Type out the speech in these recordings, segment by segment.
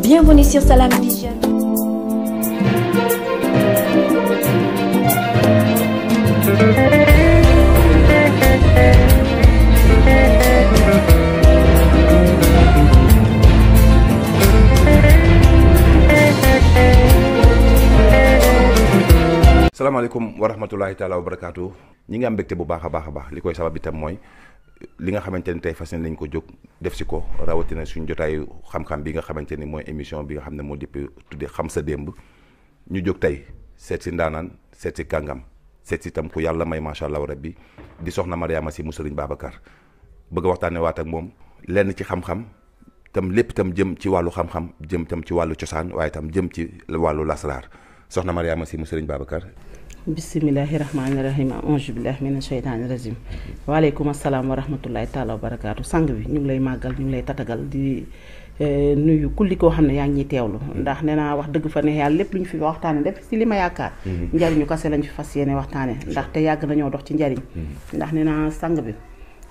Bienvenue sur Salam Vision. salaamaaleykum wa rahmatulahi taala wa barakaatu ñi ngi am mbégte bu baax a baax a baax li koy sabab itam mooy li nga xamante ne tey fas nañ ko jóg def si ko rawatina suñ jotaayu xam-xam bi nga xamante ni mooy émission bi nga xam ne moo dépp tuddee xam sa démb ñu jóg tey seet si ndaanaan seet si kàngam seet si itam ku yàlla may macha allah bi di soxna Mariama si mu Sëriñ Babacar bëgg a waxtaanee waat ak moom lenn ci xam-xam tam lépp tam jëm ci wàllu xam-xam jëm tam ci wàllu cosaan waaye tam jëm ci wàllu lasraar soxna Mariama si mu Sëriñ Babacar bisimilahi rahmaani rahim ange billah mina sheytaani rajim waaleykum asalaam wa rahmatullahi taala wa barakaatu sang bi ñu ngi lay màggal ñu lay tatagal di eh, nuyu kulli koo xam ne yaa ngi ñuy teewlu ndax nee naa wax dëgg fa ne yàlla lépp lu ñu fi waxtaane def si li ma yaakaar mm-hmm. njariñu kase lañ fi fas yéene waxtaane ndax yàgg nañoo dox ci njariñ mm-hmm. ndax nee naa sang bi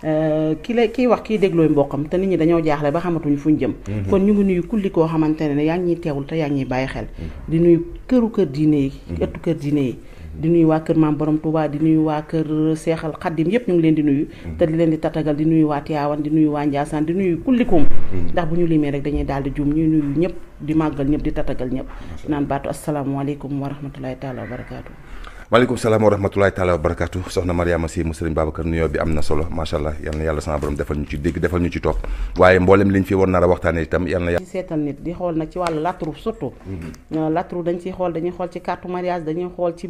eh, ki lay kiy wax kiy déglooy mboqam te nit ñi dañoo jaaxle ba xamatuñ ñu jëm mm-hmm. kon ñu ngi nuyu kulli koo xamante ne yaa ngi ñuy teewlu te yaa ngi bàyyi xel di nuyu këru kër diine yi ëttu kër diine yi di nuyu waa kër maam borom Touba di nuyu waa kër Seexal Xaddim yëpp ñu ngi leen di nuyu mm-hmm. te di leen di tatagal di nuyu waa Tiwaawan di nuyu waa Njaasaan di nuyu kullikum mm-hmm. ndax bu ñu limee rek dañuy daal di juum ñuy nuyu ñëpp di màggal ñëpp di tatagal ñëpp naan baatu asalaamaaleykum wa rahmatullahi taala wa barakaatu maaleykum salaam wa rahmatulahi taala wa barakatu soxna Mariama Si mu sëriñ Babacar nuyoo bi am na solo macha allah yal na yàlla sama borom defal ñu ci dégg defal a waxtaanee itam yal na yàlla seetal xool ci wàllu latru surtout mm-hmm. euh, latru dañ ci carte mariage dañuy xool ci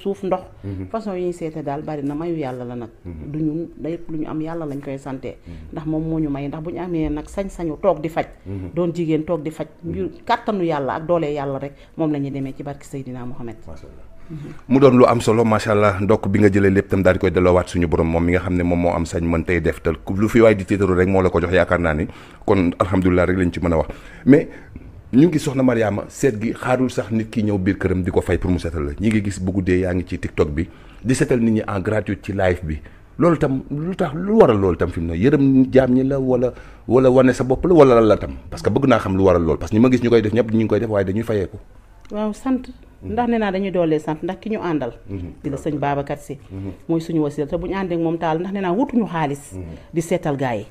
suuf ndox mm-hmm. façon yi ñu seete daal bari na mayu yàlla la nag mm-hmm. du ñun day lu ñu am yàlla lañ koy sante ndax moom moo ñu may ndax bu ñu amee nag sañ-sañu toog di faj doon jigéen toog di faj mbiru kàttanu yàlla ak doolee yàlla rek moom la ñuy demee ci barki Seydina Muhammad mu doon lu am solo macha allah ndokk bi nga jëlee lépp tam daal di koy delloowaat suñu borom moom mi nga xam ne moom moo am sañ mën tey def te lu fi waay di tiitaru rek moo la ko jox yaakaar naa ni kon alhamdulilah rek lañ ci mën a wax mais ñu ngi soxna Mariama seet gi xaarul sax nit ki ñëw biir këram di ko fay pour mu seetal ngi gis bu guddee yaa ngi ci TikTok bi di seetal nit ñi en gratuite ci lu tax lu tam fi mu ne yërëm jaam ñi la wala wala wane sa bopp la wala la tam parce que bëgg naa xam lu waral loolu parce que ñi ma gis ñu koy def ñëpp ñu ngi waaye dañuy fayeeku waaw sant ndax nee naa dañuy doolee sant ndax ki ñu àndal mhm. di la sëñ Babacar Si mhm. mooy suñu wasila te bu ñu àndee moom taal ndax nee naa wutuñu xaalis mhm. di seetal gaa yi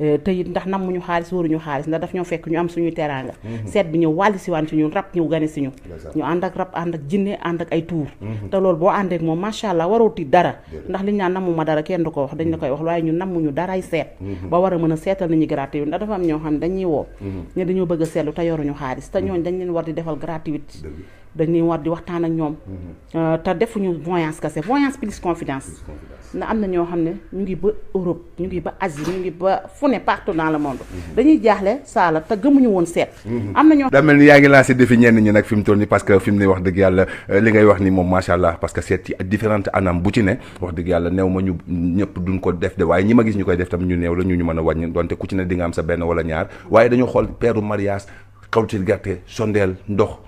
euh, te it ndax nam muñu xaalis waruñu xaalis ndax def ñoo fekk ñu am suñuy teraanga seet bi ñëw wàlli si waan si ñun ñëw gane si ñu ñu ak rab ànd ak jinne ànd ak ay tuur te loolu boo àndee ak moom macha allah warootu dara ndax liñ naan namuma dara kenn du ko wax dañ la koy wax waaye ñun namuñu daray seet ba war mën a seetal nañu gratuit ndax dafa am ñoo xam ne dañuy woo ne dañoo bëgg a seetlu te yoruñu xaalis te ñooñ dañ leen war di defal gratuit dañuy war di waxtaan ak ñoom. Euh, te ñu voyance kese voyance plus confidence. na am na ñoo xam ne ñu ngi ba Europe ñu ngi ba Asie ñu ngi ba fu ne partout dans le monde. Mhm. dañuy jaaxle saala te gëmuñu woon seet. Mhm. am na ñoo daa mel ni yaa ngi lancé défi ñenn ñi nag fi mu toll nii parce que fi mu ne wax dëgg yàlla euh, li ngay wax ni moom macha allah parce que seet ci différente anam bu ci ne wax dëgg yàlla néew ma ñu ñëpp duñ ko def de waaye ñi ma gis ñu koy def tam ñu néew la ñu ñu mën a wàññi donte ku ci ne di nga am sa benn wala ñaar xool peeru mariage xawtil gerte sondeel ndox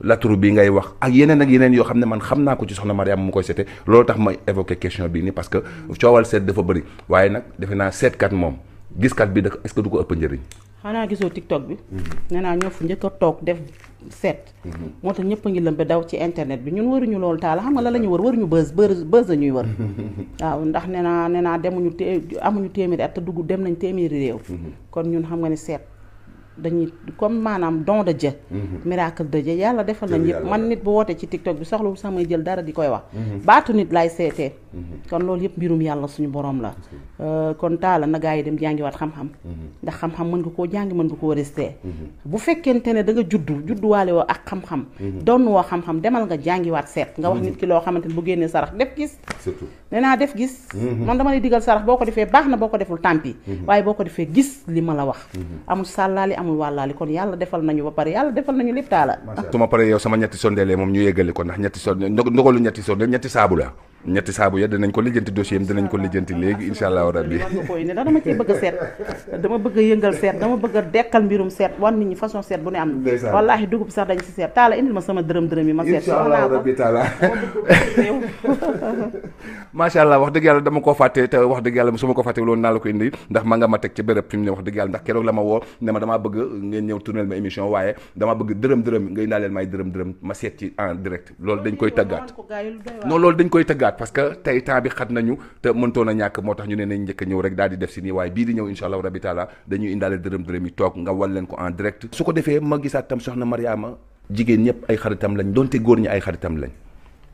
laturu bi ngay wax ak yeneen ak yeneen yoo xam ne man xam naa ko ci soxna Mariama mu koy seete loolu tax may évoqué question bii nii parce que coowal seet dafa bëri waaye nag defe naa seetkat moom giskat bi da est-ce que du ko ëpp njëriñ. xanaa gisoo TikTok bi. Mm-hmm. nee naa ñoo fu njëkk a toog def seet. Mm-hmm. moo tax ñëpp a ngi lëmbe daw ci internet bi ñun waruñu loolu taal xam nga la la ñu wër waruñu bër bës la ñuy wër. waaw ndax nee naa nee naa demuñu te amuñu téeméeri at te dem nañ téeméeri réew. Mm-hmm. kon ñun xam nga ni seet. dañuy comme maanaam don de Dieu mhm. miracle de Dieu yàlla defal nañ yëpp man nit bu wootee ci TikTok bi soxlawul sax may jël dara di koy wax mhm. baatu nit laay seetee mhm. kon loolu yëpp mbirum yàlla suñu boroom la euh, kon taala na gaa yi dem jàngiwaat xam-xam ndax xam-xam mën nga koo jàngi mën nga koo resté bu fekkente ne da nga juddu judduwaale woo ak xam-xam doon woo xam-xam demal nga jàngiwaat seet nga wax nit ki loo xamante ne bu génnee sarax def gis nee naa def gis man dama lay digal boo ko defee baax na boo ko deful tàmpi waaye boo ko defee gis li ma la wax amul wàllaali kon yàlla defal nañu ba pare yàlla defal nañu lépp taala su ma paree yow sama ñetti sondeel moom ñu yéggali ko ndax ñetti sondeel ndogalu ñetti sondeel ñetti saabu la ñetti saabu ya dinañ ko lijjanti dossier am dinañ ko lijjanti léegi incha allahu a ndax dama bëgg seet dama bëgg a yëngal seet dama bëgg a dekkal mbirum seet wan nit ñi façon seet bu ne am na wallaahi dugub sax dañ si seet taala ma sama dërëm dërëm yi ma seet incha allahu rabbi taala macha allah wax dëgg yàlla dama ko fàtte te wax dëgg yàlla su ma ko fàtte loolu naa la ko indi ndax ma nga ma teg ci béréb fi mu ne wax dëgg yàlla ndax keroog la ma woo ne ma damaa bëgg ngeen ñëw tournel ma émission waaye dama bëgg dërëm dërëm ngay naa leen may dërëm dërëm ma seet ci en direct loolu dañ koy taggaat non loolu dañ koy parce que tey temps bi xat nañu te mëntoon a ñàkk moo tax ñu ne nañ njëkk ñëw rek daal di def si nii waaye bii di ñëw incha allah rabi taala dañuy indaale dërëm dërëm yi toog nga wan leen ko en direct su ko defee ma gisaat tam soxna Mariama jigéen ñëpp ay xaritam lañ donte góor ñi ay xaritam lañ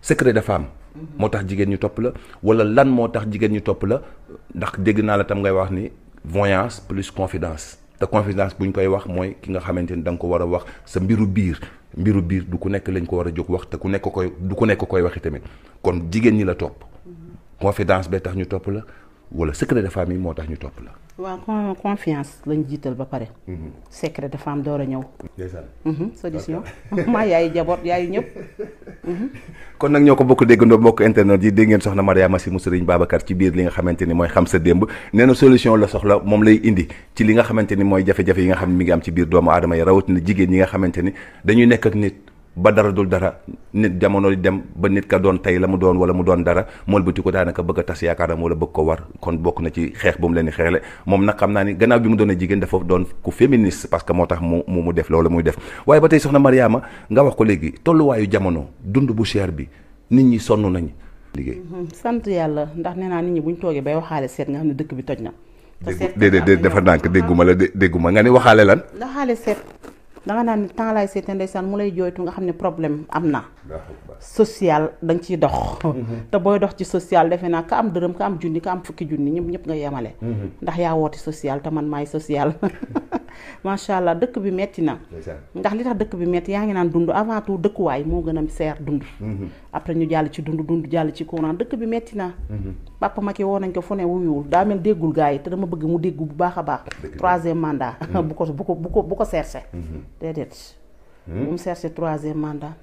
secret de femme mm-hmm. moo tax jigéen ñu topp la wala lan moo tax jigéen ñu topp la ndax dégg naa la tam ngay wax ni voyance plus confidence te confidence bu ñu koy wax mooy ki nga xamante ni danga ko war a wax sa mbiru biir mbiru biir du ku nekk lañ ko war a jóg wax te ku nekk koy du ku nekk koy waxi tamit kon jigéen ñi la topp mhm. confidence bee tax ñu topp la wala secret de famille moo tax ñu topp la. waaw confiance lañ jiital ba pare. Mhm. secret de femme door a ñëw. ndeysaan. Mhm, solution maa yaay jaboot yaay ñëpp. Mhm. kon nag bokk déggandoo mbokk internet yi dégg ngeen soxna Mariama Sy mu Serigne Babacar ci biir li nga xamante ni mooy xam sa démb nee solution la soxla moom lay indi ci li nga xamante ni mooy jafe-jafe yi nga xam ne mi ngi am ci biir doomu aadama yi rawatina jigéen ñi nga xamante ni dañuy nekk ak nit. ba dara dul dara nit jamono dem ba nit ka doon tey la mu doon wala mu doon dara mool bëti ko daanaka bëgg a tas yaakaaram wala bëgg ko war kon bokk na ci xeex bu mu leen di xeexle moom nag xam naa ni gannaaw bi mu doon a jigéen dafa doon ku féministe parce que moo tax mu def loolu muy def waaye ba tey soxna nga wax ko léegi tolluwaayu jamono dund bu cher bi nit ñi sonn nañu mhm. sant yàlla ndax nee naa nit ñi buñ toogee bay waxaale seet nga xam ne dëkk bi toj na déedéet déedéet dafa ndànk dégguma la dégguma nga ni waxaale lan waxaale seet danga naan ni temps laay seetaan ndeysaan mu lay jooytu nga xam ne problème am na sociale danga ciy dox mm-hmm. te booy dox ci social defe naa ka am dërëm ka am junni ka am fukki junni ñëpp ñëpp nga yemale mm-hmm. ndax yaa woote social te man maay social macha allah dëkk bi metti na ndax li tax dëkk bi metti yaa ngi naan dund avant tout dëkkuwaay moo gën a seer dund mhm. après ñu jàll ci dund dund jàll ci courant dëkk bi metti na mhm. papa Macky woo nañ ko fu ne wuyuwul daa mel déggul gars yi te dama bëgg mu dégg bu baax a baax troisième mandat mhm. bu ko bu ko bu ko bu ko cherché déedéet bu mu cherché troisième mandat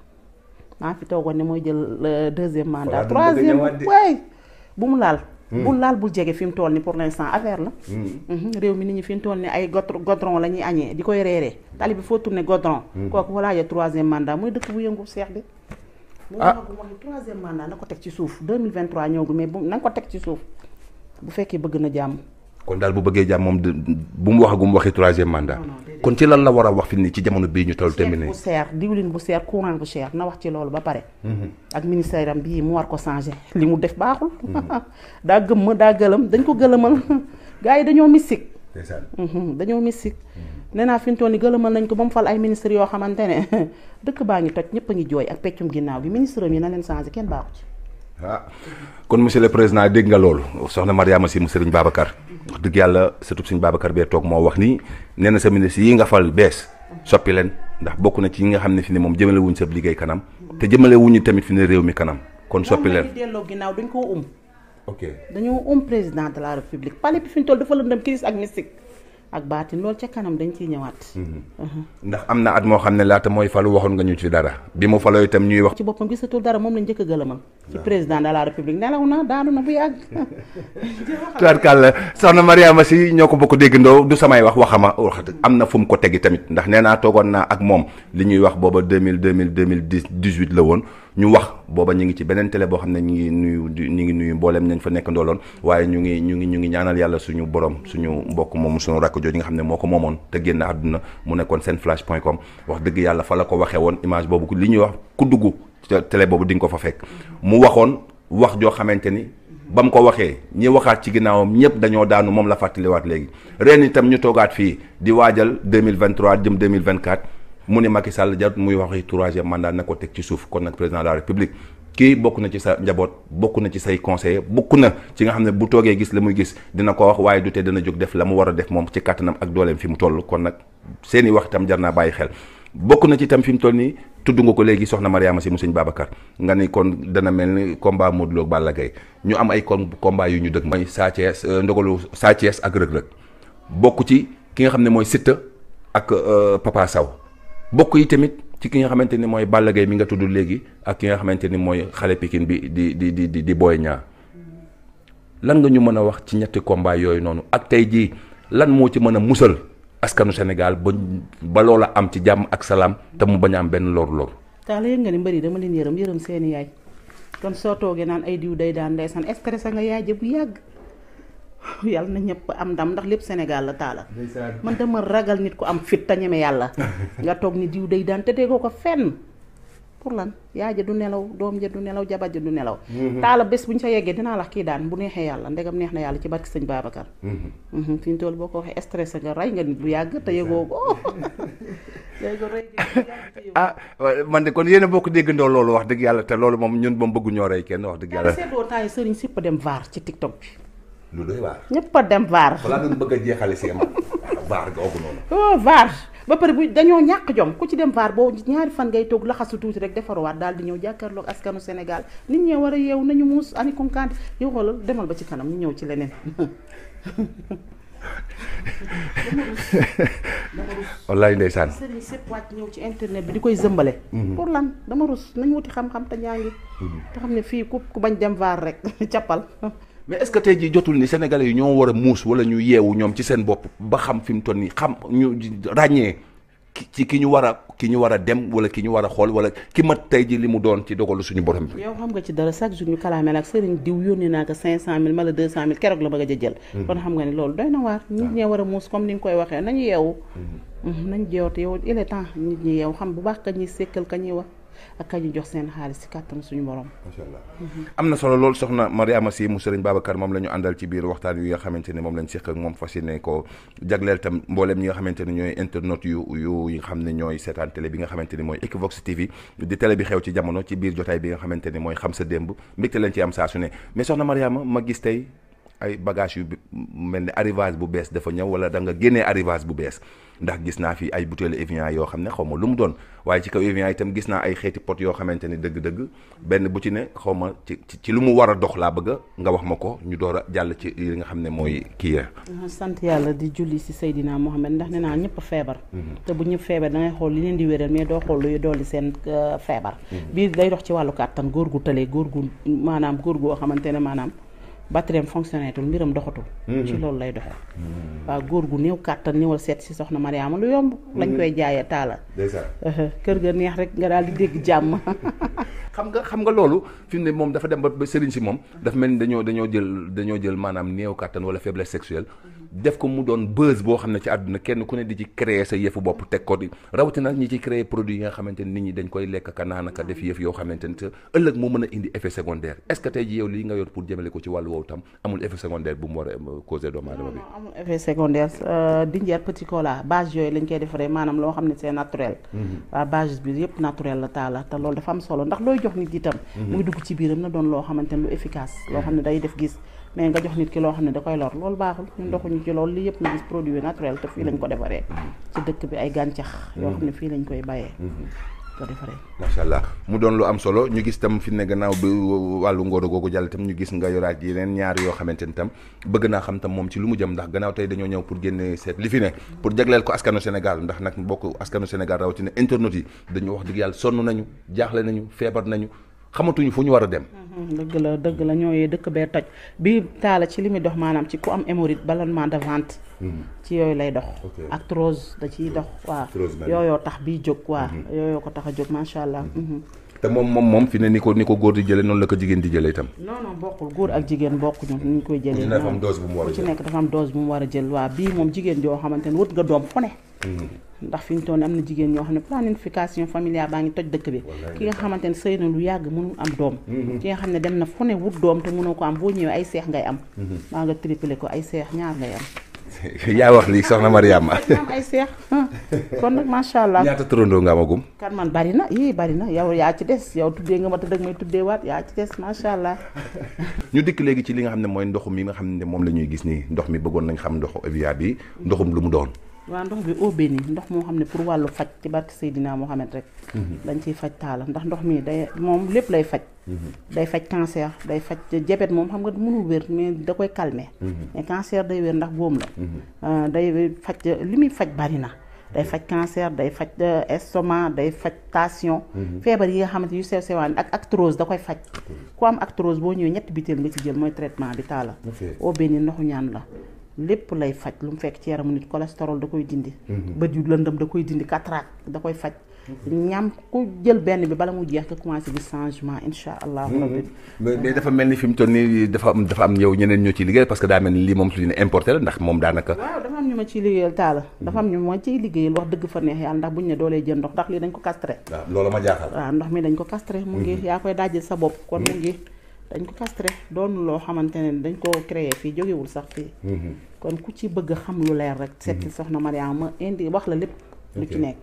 maa fi toogoon ne mooy jël euh, deuxième mandat troisième waay bu mu laal Hmm. bul laal bul jege fi mu toll ni pour l'instant affaire la hmm. mhm. réew mi nit ñi fi mu toll ni ay godron la ñuy añee di koy reeree tali bi foo tourné godron hmm. kooku walaa ya troisième mandat mooy dëkk bu yëngu seex bi ah. moo tax bu wax troisième mandat na ko teg ci suuf 2023 ñëw gu mais bu na ko teg ci suuf bu fekkee bëgg na jàmm kon daal bu bëggee jàmm moom bu mu wax gu mu waxi troisième mandat. kon ci lan la war a wax fi ni ci jamono bii ñu toll. terminé bu seer diwlin bu seer courant bu seer na wax ci loolu ba pare. Mhm. ak ministère am bii mu war ko changé. li mu def baaxul. Mhm. daa gëmm daa gëlëm dañ ko gëlëmal gars yi dañoo mystique. Mhm. dañoo mystique. nee naa fi mu toll nii gëlëmal nañ ko ba mu fal ay ministre yoo xamante ne dëkk baa ngi toj ñëpp a ngi jooy ak peccum ginnaaw bi ministre am yi na leen changé kenn baaxu ci. ah kon monsieur le président dégg nga loolu soxna Mariama Sy mu sëriñ Babacar wax dëgg yàlla surtout suñ Babacar bee toog moo wax nii nee na sa ministre yi nga fal bees soppi leen ndax bokk na ci ñi nga xam ne fi ni moom jëmale wuñ sa liggéey kanam te jëmale wuñu tamit fi ne réew mi kanam kon soppi leen delloo ginnaaw dañ koo um ok dañoo um président de la république palais bi fi ñu toll dafa lëndëm crise ak mystique ak baatin loolu ca kanam dañ ciy ñëwaat. Mhm. Uh-huh. ndax am na at moo xam ne laata mooy falu waxoon nga ñu ci dara bi mu falo itam ñuy wax. ci boppam gisatul dara moom lañ njëkk a gëlëmal. ci président de république nelaw na daanu na bu yàgg. tubaarkàlla soxna Mariama si ñoo ko bokk déggandoo du samay wax waxama wax am na fu mu ko tegi tamit ndax nee naa toogoon naa ak moom li ñuy wax booba deux mille deux mille deux mille dix dix huit la woon. ñu wax booba ñu ngi ci beneen télé boo xam ne ñu ngi nuyu ñu ngi nuyu mbooleem nañ fa nekk ndooloon waaye ñu ngi ñu ngi ñu ngi ñaanal yàlla suñu borom suñu mbokk moom suñu rakk jooju nga xam ne moo ko moomoon te génn àdduna mu nekkoon seen flash point com wax dëgg yàlla fa la ko waxee woon image boobu li ñuy wax ku dugg télé boobu di nga ko fa fekk mu waxoon wax joo xamante ni ba mu ko waxee ñi waxaat ci ginnaawam ñëpp dañoo daanu moom la fàttaliwaat léegi ren itam ñu toogaat fii di waajal 2023 jëm 2024 mu ne Macky Sall jarut muy waxi troisième mandat na ko teg ci suuf kon nag président de la république kii bokk na ci sa njaboot bokk na ci say conseiller bokk na ci nga xam ne bu toogee gis la muy gis dina ko wax waaye du tee dana jóg def la mu war a def moom ci kàttanam ak dooleem fi mu toll kon nag seen i wax itam jar naa bàyyi xel bokk na ci itam fi mu toll nii tudd nga ko léegi soxna Mariama si mu sëñ Babacar nga ni kon dana mel ni combat Modou Lo ak Balla Gaye ñu am ay kon combat yu ñu dëgg mooy Sa Thiès euh, ndogalu Sa Thiès ak Reug Reug bokk ci ki nga xam ne mooy Siteu ak euh, Papa Sow bokk yi tamit ci ki nga xamante ni mooy Balla Gaye mi nga tudd léegi ak ki nga xamante ni mooy xale Pikine bi di di di di di Boy Niang lan nga ñu mën a wax ci ñetti combat yooyu noonu ak tey jii lan moo ci mën a musal askanu Sénégal ba ba loola am ci jàmm ak salaam te mu bañ a benn lor-lor. tax la yëg nga ni mbëri dama leen yërëm yërëm seeni yaay kon soo toogee naan ay diw day daan ndeysaan stress nga yaay ja bu yàgg. yàlla na ñëpp am ndam ndax lépp Sénégal la taala man dama ragal nit ku am fit te ñeme yàlla nga toog ni diw day daan te tegoo ko fenn pour lan yaay ja du nelaw doom ja du nelaw jabar ja du nelaw mm-hmm. taala bés bu ñu sa yeggee dinaa lax kii daan bu neexee yàlla ndegam neex na yàlla ci barki sëñ Babacar mm-hmm. Mm-hmm. fi ñu toll boo ko waxee stressé nga rey nga nit bu yàgg te yëgoo ko ah man de kon yéen a bokk déggandoo loolu wax dëgg yàlla te loolu moom ñun moom bëggu ñoo rey kenn yàlla seetloo taay sëriñ sipp lu doy ñëpp a dem vaar. balaa bëgg a jeexale ma vaar googu noonu. oh ba pare bu dañoo ñàkk jom ku ci dem vaar boobu ñaari fan ngay toog laxasu tuuti rek defaruwaat daal di ñëw jàkkaarloog askanu senegal nit ñee war a yeew nañu muus ani kunkante yow xoolal demal ba ci kanam ñu ñëw ci leneen. wallaay ndeysaan sëriñ sëpp wàcc ñëw ci internet bi di koy sëmbale mhm. pour lan dama rus nañ wuti xam-xam te ñaa mhm. te xam ne fii ku ku bañ dem vaar rek cappal mais est-ce que tey jii jotul ni sénégalais yi ñoo war a muus wala ñu yeewu ñoom ci seen bopp ba xam fi mu toll nii xam ñu ràññee ki ñu war a ki ñu war a dem wala ki ñu war a xool wala ki mat tey ji li mu doon ci dogalu suñu borom bi. yow xam nga ci dara chaque jour ñu kalaame nag sëriñ diw yónnee naa ko 500000 mala 200000 keroog la bëgg a jël. Hmm. kon xam nga ni loolu doy na waar. Hmm. nit ñee war a muus comme ni nga koy waxee nañu yeewu. Hmm. nañu yeewu te yow il est temps nit ñi xam bu baax ka ñuy sékkal ka ñuy wax. ak kañ jox seen xaalis ci kàttan suñu borom. macha allah mhm. am na solo loolu soxna Mariama Sy mu Sëriñ Babacar moom la ñu àndal ci biir waxtaan wi nga xamante ne moom lañ seq ak moom fas yéene ko jagleel tam mbooleem ñi nga xamante ne ñooy internet yu yu yi xam ne ñooy seetaan télé bi nga xamante ne mooy Equivox TV di télé bi xew ci jamono ci biir jotaay bi nga xamante ne mooy xam sa démb mbégte lañ ci am saa su ne mais soxna Mariama ma gis tey ay bagage yu mel ne arrivage bu bees dafa ñëw wala da nga génnee arrivage bu bees ndax gis naa fi ay butéelu Evian yoo xam ne xaw ma lu mu doon waaye ci kaw Evian itam gis naa ay xeeti pot yoo xamante ni dëgg-dëgg benn bu ci ne xaw ma ci ci lu mu war a dox laa bëgg nga wax ma ko ñu door a jàll ci li nga xam ne mooy kii ya ah, sant yàlla di julli si Seydina Mohamed ndax ne naa ñëpp feebar mhm. te bu ñëpp feebar da xool li leen di wéral mais doo xool luy dolli seen euh, feebar mhm. bii day dox ci wàllu kàttan góor gu tëlee góor gu maanaam góor goo xamante ne maanaam batterie am fonctionné tul mbiram doxatul. Mhm. ci loolu lay doxee. waaw góor gu néew kàttan ñëwal seet si soxna Mariama lu yomb. Mhm. lañ koy jaayee taala. kër ga neex rek nga daal di dégg jàmm. xam nga xam nga loolu fi mu ne moom dafa dem ba sëriñ si moom. dafa mel ni dañoo dañoo jël dañoo jël maanaam néew kàttan wala faiblesse sexuelle. Mhm. def ko mu doon buzz boo xam ne ci àdduna kenn ku ne di ci créer sa yëfu bopp teg ko di ñi ci créer produit yi nga nit ñi dañ koy lekk ka yoo xamante ni ëllëg moo mën boobu tam amul effet secondaire bu mu war a euh, causé doomu aadama bi. amul effet secondaire euh, dinjeer petit cola base yooyu lañ koy defaree maanaam loo xam ne c'est naturel. Mhm. waa base bi yëpp naturel la taala te dafa am solo ndax looy jox nit itam. Mhm. muy dugg ci biiram na doon loo xamante lu efficace loo xam ne day def gis. mais nga jox nit ki loo xam ne da koy lor loolu baaxul ñun mhm. doxuñu ci loolu li yëpp na gis produit naturel te fii lañ ko defaree. ci dëkk bi ay gàncax. yoo xam ne fii lañ koy bayee. ko defaree. macha allah mu doon lu am solo ñu gis tam fi ne gannaaw bi wàllu ngóor googu jàll tam ñu gis nga yoraat yeneen ñaar yoo xamante ni tam bëgg naa xam tam moom ci lu mu jëm ndax gannaaw tey dañoo ñëw pour génne seet li fi ne pour jagleel ko askanu Sénégal ndax nag mbokk askanu Sénégal rawatina internet yi dañu wax dëgg yàlla sonn nañu jaaxle nañu feebar nañu xamatuñu fu ñu war a dem Mm, dëgg la dëgg la ñooyee dëkk bee toj bi taala ci li muy dox maanaam ci ku am hémorroïde ballonnement de ventre mm. ci yooyu lay dox arthrose da ciy dox waaw yooyoo tax biy jóg waaw mm-hmm. yooyoo ko tax a jóg macha allah mm-hmm. Mm-hmm. te moom moom moom fi ne ni ko ni ko góor di jëlee noonu la ko jigéen di jëlee itam. non non bokkul góor ak jigéen bokkuñu ni ñu koy jëlee. dafa am dose a jël ku ci nekk dafa am dose bu mu war a jël waa bii moom jigéen joo xamante wut nga doom fu ne. Hmm. ndax fi ñu toll am na jigéen ñoo xam ne planification familiale baa ngi toj dëkk bi ki nga xamante ne sëy na lu yàgg mënul am doom hmm. ki nga xam ne dem na fu ne wut doom te mënoo ko am boo ñëwee ay seex ngay am hmm. maa nga triplé ko ay seex ñaar ngay am yaa wax lii soxna Mariama. ay seex kon nag macha allah. ñaata turandoo nga amagum. kan man bari na yii bari na yow yaa ci des yow tuddee nga ma te dëgg may tuddee waat yaa ci des macha allah. ñu dikk léegi ci li nga xam ne mooy ndoxum yi nga xam ne moom la ñuy gis nii ndox mi bëggoon nañ xam ndoxu Evian bi ndoxum lu mu doon. waa ndox bi eau bénite ndox moo xam ne pour wàllu faj ci barke Seydina xamante rek mhm. dañ ciy faj taala ndax ndox mi day moom lépp lay faj mhm. day faj cancer day faj diabète moom xam nga mënul wér mais da koy calmer mhm. mais day wér ndax boom la euh, day faj li muy faj bari na day faj cancer day faj euh, estomac day faj tension feebar yi nga xamante yu sew sewaan ak actrose da koy faj ku am actrose boo ñëwee ñetti biteel nga ci jël mooy traitement bi taala eau bénite ndoxu ñaan la lépp lay faj lu mu fekk ci yaramu nit cholestérol da koy dindi. Mhm. bët yu lëndëm da koy dindi cataracte da koy faj. ñam ku jël benn bi bala mu jeex nga commencé bi changement incha allah. Mhm. mais dafa mel ni mu toll nii dafa ni lii moom su ñu importé la ndax moom daanaka. waaw dafa am ñu ma ciy liggéeyal taala dafa am ñu ma ciy liggéeyal wax dëgg fa neex yàlla ndax buñ ne doolee jël ndox ndax lii dañ ko castré. waaw ah, loolu ma jaaxal. waaw ndox mi dañ ko castré. mu ngi mhm. yaa koy daajal sa dañ ko castré doonu loo xamante ne dañ ko créé fii jógewul sax fii mhm. kon ku ci bëgg xam lu leer rek seeti mhm. soxna Mariama indi wax la lépp lu ci nekk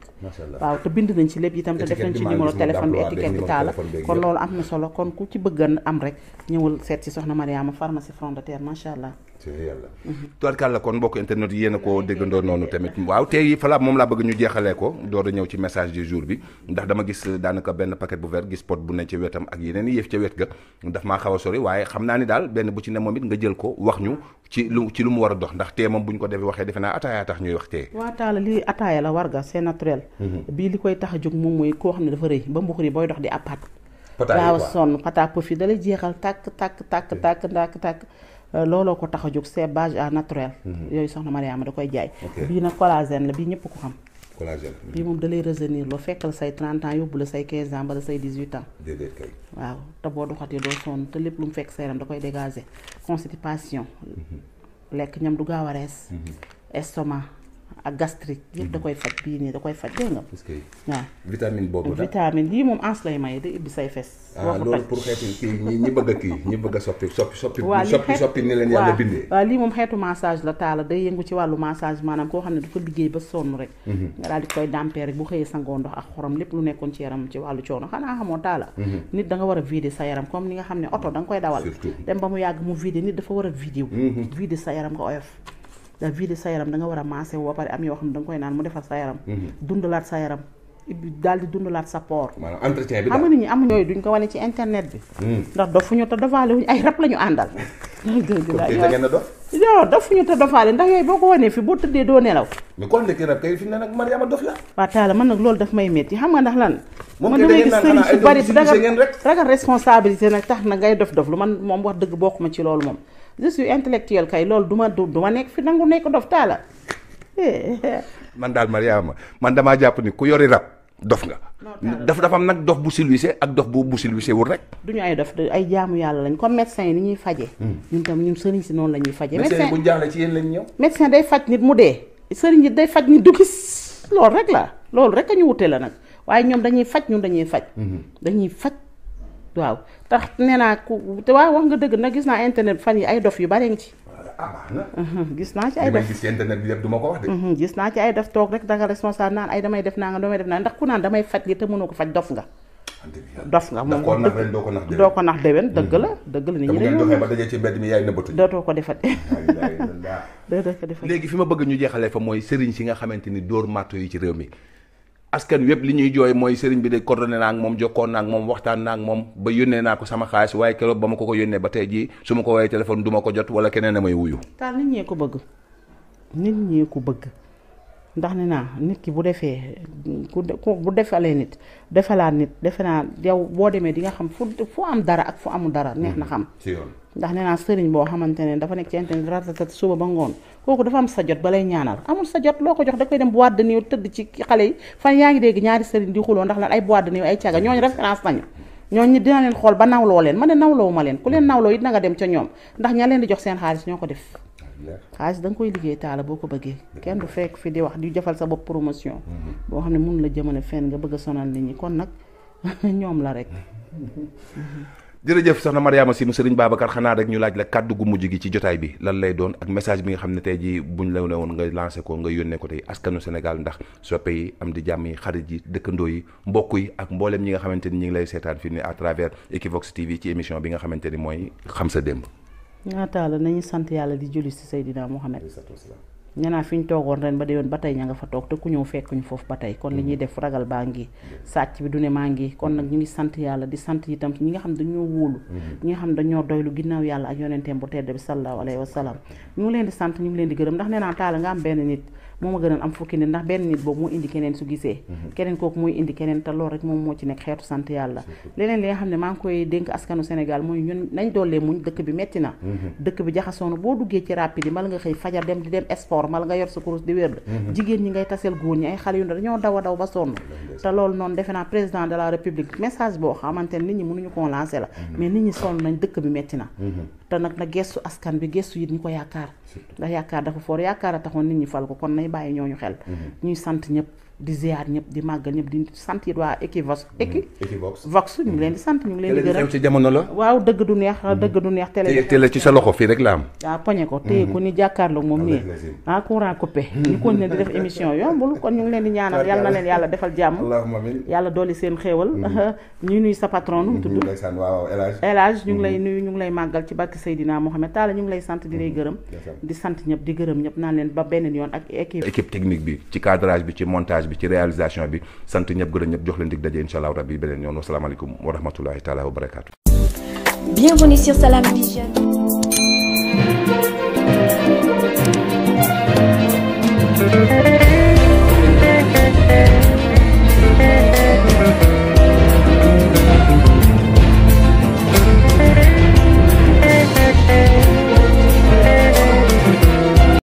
waaw te bind nañ ci lépp itam te def nañ ci numéro téléphone bi étiquette bi taala kon loolu am na solo kon ku ci bëgg am rek ñëwal seet si soxna Mariama pharmacie Front de Terre macha allah yàlla mhm. tubarkal la kon mbokk internet yi yéen a ko déggandoo noonu tamit waaw tey falaa moom laa bëgg ñu jeexalee ko door a ñëw ci message du jour bi ndax dama gis daanaka benn paquet bu vert gis pot bu ne ci wetam ak yeneen i yëf ca wet ga daf maa xaw a sori waaye xam naa ni daal benn bu ci ne moom it nga jël ko wax ñu ci lu ci lu mu war a dox ndax tee moom bu ñu ko defee waxee defe naa ataaya tax ñuy wax tee waa taala lii ataaya la warga c'est naturel mhm. bii a jóg a sonn Euh, looloo ko tax a jóg seebage à naturel. Mhm. yooyu soxna Mariama da koy jaay. bii nag collagène la bii ñëpp ko xam. bii moom da lay revenir loo fekkal say 30 ans yóbbu la say quinze ans bala say 18 ans. déedéet waaw te boo doxatee doo sonn te lépp lu mu fekk sa yaram da koy dégager constipation. Mhm. lekk ñam du gaaw a rees. Mhm. estomac. ak gastric yëpp da mhm. koy faj bii nii da koy faj dégg bi waaw vitamine boobu daal vitamine moom ans lay maye day ibbi say fes. boo ah, ko loolu pour xeetu bëgg a kii ñi bëgg a soppi lii moom xeetu massage la taala day yëngu ci wàllu massage maanaam koo xam ne dafa liggéey ba sonn rek. Mhm. nga daal di koy dàmpee rek bu xëyee sangoo ndox xorom lépp lu nekkoon ci yaram ci wàllu coono xanaa xamoo taala. Mhm. nit da war a vider sa yaram comme ni nga xam ne oto da koy dawal. dem ba mu yàgg mu vider nit dafa war a vider. sa yaram nga oyof vie de sa yaram da nga war a maase woo pare am yoo xam ne da nga koy naan mu defar sa yaram mhm. dundalaat sa yaram daal di dundalaat sa poor maanaam entretien bi xam nga nit ñi amuñu yooyu duñ ko wane ci internet bi mhm. ndax dofuñu te dofaale wuñu ay rab la ñu àndal non dofuñu te dofaale ndax yooyu boo ko wanee fi boo tëddee doo nelaw mais ko nekk rab kay fi ne nag Mariama dof la waaw taala man nag loolu daf may métti xam nga ndax lan man damay gis sëriñ su bari ragal responsabilité nag tax na ngay dof dof lu man moom wax dëgg bokkuma ci loolu moom je suis intellectuel kay loolu du ma du ma nekk fi nangu nekk dof taala man daal Mariama man damaa jàpp ni ku yori rab dof nga. daf dafa am nag dof bu silwisé ak dof bu bu silwisé wul rek. du ñu ay dof ay jaamu yàlla lañ comme médecin yi ni ñuy faje hmm. ñun tam ñun sëriñ si noonu la ñuy faje médecin bu jaaxle ci yéen lañ ñëw. médecin day faj nit mu dee. sëriñ yi day faj nit du gis loolu rek la loolu rek a ñu wute la nag waaye ñoom dañuy faj ñun dañuy faj. Hmm. dañuy faj. waaw tax nee naa ku te waaw wax nga dëgg nag gis naa internet fan yi ay dof yu bare ngi ci. Ah, ah, mhm, gis naa ci ay dof gis internet ko wax de. Mhm, gis naa ci ay dof toog rek danga responsable naan ay damay def naa nga damay def naa ndax ku naan damay faj li te mënoo ko faj dof nga. dof nga moom doo ko nax doo ko nax déwén dëgg la mhm. dëgg la nit ñi dañoo ba dajee ci mbedd mi yaay nëbbatu dootoo ko defat dootoo ko defat léegi fi ma bëgg ñu jeexalee fa mooy sëriñ si nga xamante ni dóor màtto yi ci réew mi askan wépp li ñuy jooy mooy sëriñ bi de coordonné naa ak moom jokkoon naa ak moom waxtaan naa ak moom ba yónnee naa ko sama xaalis waaye keroog ba ma ko ko yónnee ba tey jii su ma ko woowee téléphone du ko jot wala keneen a may wuyu. taal nit ñee ko bëgg nit ñee ko bëgg. ndax ne naa nit ki bu defee ku bu defalee nit defalaat nit defe naa yow boo demee di nga xam fu fu am dara ak fu amul dara neex na mm-hmm. xam ndax nee naa sëriñ boo xamante ne dafa nekk ci internet ratatat suba ba ngoon kooku dafa am sa jot balay ñaanal amul sa jot loo ko jox da koy dem boîte de nuit tëdd ci xale yi fan yaa ngi dégg ñaari sëriñ di xuloo ndax lan ay boîte de nuit ay càgga ñooñu référence nañu ñooñu dina leen xool ba nawloo leen ma ne nawloo ma leen ku leen nawloo it na dem ca ñoom ndax ña leen di jox seen xaalis ñoo ko def xaalis da nga koy liggéey taala boo ko bëggee kenn du fekk fi di wax di jafal sa bopp promotion mm-hmm. boo xam ne mun la jëmale fenn nga bëgg a sonal nit ñi kon nag ñoom la rek mm-hmm. jërëjëf soxna Mariama Sy mu Serigne Babacar xanaa rek ñu laaj la kàdd gu mujj gi ci jotaay bi lan lay doon ak message bi nga xam ne tey jii buñ la ne woon nga lancé ko nga yónnee ko tey askanu Sénégal ndax soppe yi am di jàmm yi xarit yi dëkkandoo yi mbokk yi ak mboolem ñi nga xamante ni ñi ngi lay seetaan fii nii à travers Equivox TV ci émission bi nga xamante ni mooy xam sa démb ñaataala nañu sant yàlla di julli si Seydina Mohamed nee naa fi ñu toogoon ren ba déwén ba tey ña nga fa toog te ku ñëw fekk ñu foofu ba tey kon li ñuy mm-hmm. def ragal baa ngi sàcc bi du ne maa ngi kon nag ñu ngi sant yàlla di sant itam ñi nga xam dañoo wóolu mm-hmm. ñi nga xam dañoo doylu ginnaaw yàlla ak yonenteem bu tedd bi sallallahu alayhi wa salaam ñu ngi leen di sant ñu ngi leen di gërëm ndax nee naa nga am benn nit moo ma gënal am fukki nit ndax benn nit boobu moo indi keneen su gisee mhm. keneen kooku mooy indi keneen te loolu rek moom moo ci nekk xeetu sant yàlla leneen li nga xam ne maa ngi koy dénk askanu Sénégal mooy ñun nañ doolee muñ dëkk bi metti na mhm. dëkk bi jaxasoonu boo duggee ci rapide yi mal nga xëy fajar di dem sport mal nga yor sa kurus di mhm. jigéen ñi ngay taseel góor ñi ay xale yu ndaw dañoo daw daw ba sonn te loolu noonu defe naa président de la république message boo xamante ne nit ñi mënuñu ko lancé la mais nit ñi sonn nañ dëkk bi metti na te nag na gestu askan bi gestu yit ñu ko yaakaar ndax yaakaar dafa foor yaakaar a taxoon nit ñi fal ko kon nay bàyyi ñooñu xel mm-hmm. ñuy sant ñëpp di ziar ñëpp di màggal ñëpp di sant it waa Equivox. Mm-hmm. Equivox Vox ñu ngi mm-hmm. leen di sant ñu ngi leen di gërëm la. waaw dëgg du mm-hmm. dëgg du neex. télé ci sa loxo fii rek la am. waaw poñe ko téye moom nii ah courant coupé. ñu continuer di émission yombul kon ñu ngi leen di ñaanal yàlla na defal jàmm. yàlla dooli seen xéewal. ñu sa patron nu mu tudd. waaw El Hadj ñu ngi lay nuyu ñu ngi màggal ci barke Seydina Mohamed Talla ñu ngi lay sant di gërëm di sant ñëpp di gërëm ñëpp naan leen ba benn yoon ak équipe technique bi ci cadrage bi ci montage montage bi ci réalisation bi sant ñëpp gërëm ñëpp jox leen dig daje incha allah rabbi beneen yoon wasalaamaaleykum wa rahmatullahi wa barakaatu.